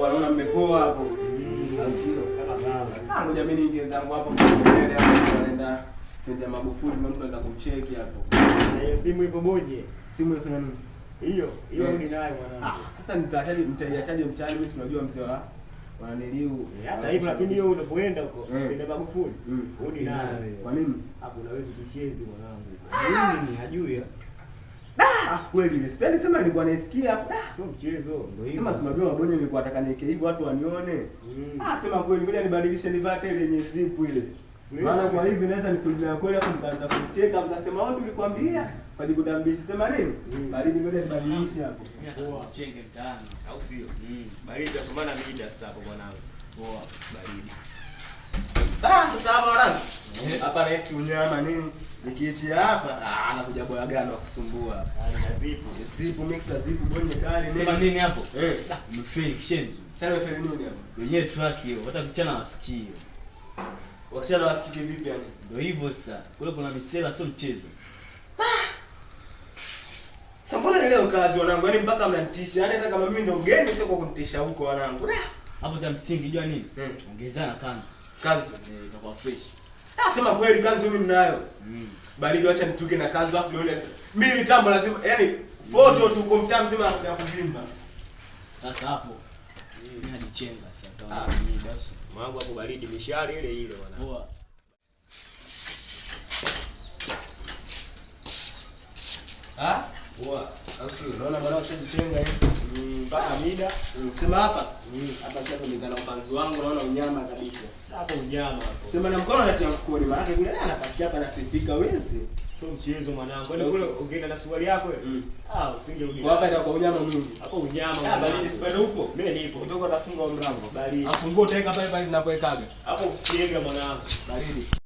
wanaona mmepoa hapo. Ah, ngoja mimi niingie zangu hapo mbele hapo, naenda eh, nenda Magufuli, mtu anaenda kumcheki hapo. Simu ipo moje. Simu ipo nani? Hiyo hiyo eh. ninayo mwanangu. Ah, sasa nitaachaje, nitaiachaje mtaani? Mimi tunajua mzee wa wananiliu. Eh, hata hivyo lakini hiyo unapoenda huko nenda Magufuli, mm. hudi nayo. Kwa nini? Hapo unaweza kushezi mwanangu. Mimi hajui Ah, kweli ile. Yaani Sipendi nilikuwa naisikia. Ah, sio mchezo. Ndio hiyo. Sema si unajua nilikuwa nataka niweke hivyo watu wanione. Mm. Ah, sema kweli ngoja nibadilishe nivate ile yenye zipu ile. Mm. Maana kwa hivi naweza nikuja kweli hapo mtaanza kucheka mtasema wewe tulikwambia. Kaji kudambisha sema nini? Mm. Baridi ngoja nibadilishe hapo. Poa. Chenge mtaani au sio? Mm. Baridi tasomana mida sasa hapo mwanangu. Poa. Baridi. Ah, sasa hapa mwanangu. Eh? Hapa rais unyama nini? nikiitia hapa ah, anakuja bwana gani wa kusumbua. Zipo zipo mixer zipo bonye kali nini sema nini hapo eh, ah, mfeni kishenzi sema mfeni nini hapo? Wenyewe truck hiyo hata kichana wasikie wakichana wasikie vipi? Yani ndio hivyo sasa, kule kuna misela, sio mchezo. Ah! Sasa mbona ile ukazi wanangu, yani mpaka mnanitisha, yani hata kama mimi ndio mgeni sio kwa kunitisha huko wanangu. Hapo cha msingi jua nini, eh. ongezana kanzu kanzu eh, itakuwa fresh. Sema kweli kazi mimi ninayo. Mm. Bali acha nituke na kazi afu leo mimi tambo lazima yani photo mm. tu kompyuta mzima ya kuvimba. Sasa hapo mm. mimi najichenga sasa utaona mimi ah. basi. Mwangu hapo baridi mishari ile ile bwana. Poa. Ah? Poa. Sasa unaona bwana acha nituchenga hivi mpaka mida sema hapa hapa sasa kulingana upanzi wangu naona unyama kabisa hapo unyama hapo sema na mkono anatia mfukoni maana yule anapakia hapa nasifika wizi sio mchezo mwanangu ndio kule ungeenda na suruali yako mm. ah usingerudi kwa hapa itakuwa unyama mwingi hapo unyama ah, bali sipende huko mimi nipo kutoka atafunga mlango bali afungue utaweka pale pale ninapoekaga hapo ukiega mwanangu baridi